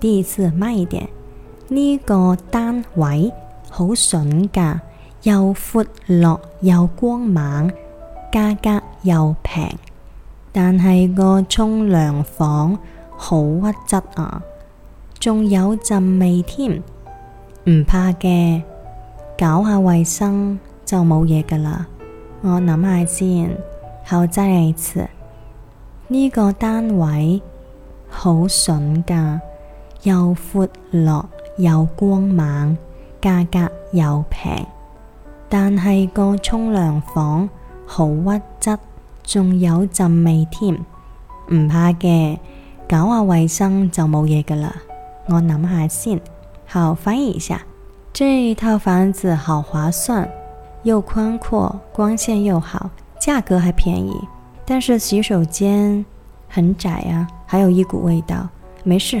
第二次買嘅呢個單位好筍噶，又闊落又光猛，價格又平，但係個沖涼房好屈質啊，仲有唚味添。唔怕嘅，搞下衛生就冇嘢噶啦。我諗下先。好，再一次呢、這個單位好筍噶。又闊落又光猛，價格又平，但係個沖涼房好屈質，仲有陣味添。唔怕嘅，搞下、啊、衛生就冇嘢噶啦。我諗下先。好，翻譯一下：這套房子好劃算，又寬闊，光線又好，價格還便宜，但是洗手間很窄啊，還有一股味道。沒事。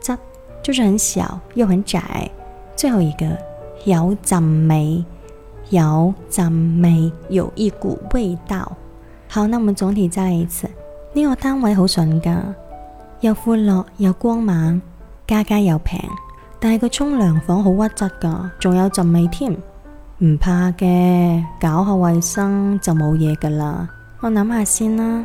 屈質，就是很小又很窄。最後一個有陣味，有陣味有，有一股味道。好，那我們總體再來一次。呢、這個單位好笋噶，樂家家又闊落又光猛，價價又平。但係個沖涼房好屈質噶，仲有陣味添。唔怕嘅，搞下衛生就冇嘢噶啦。我諗下先啦、啊。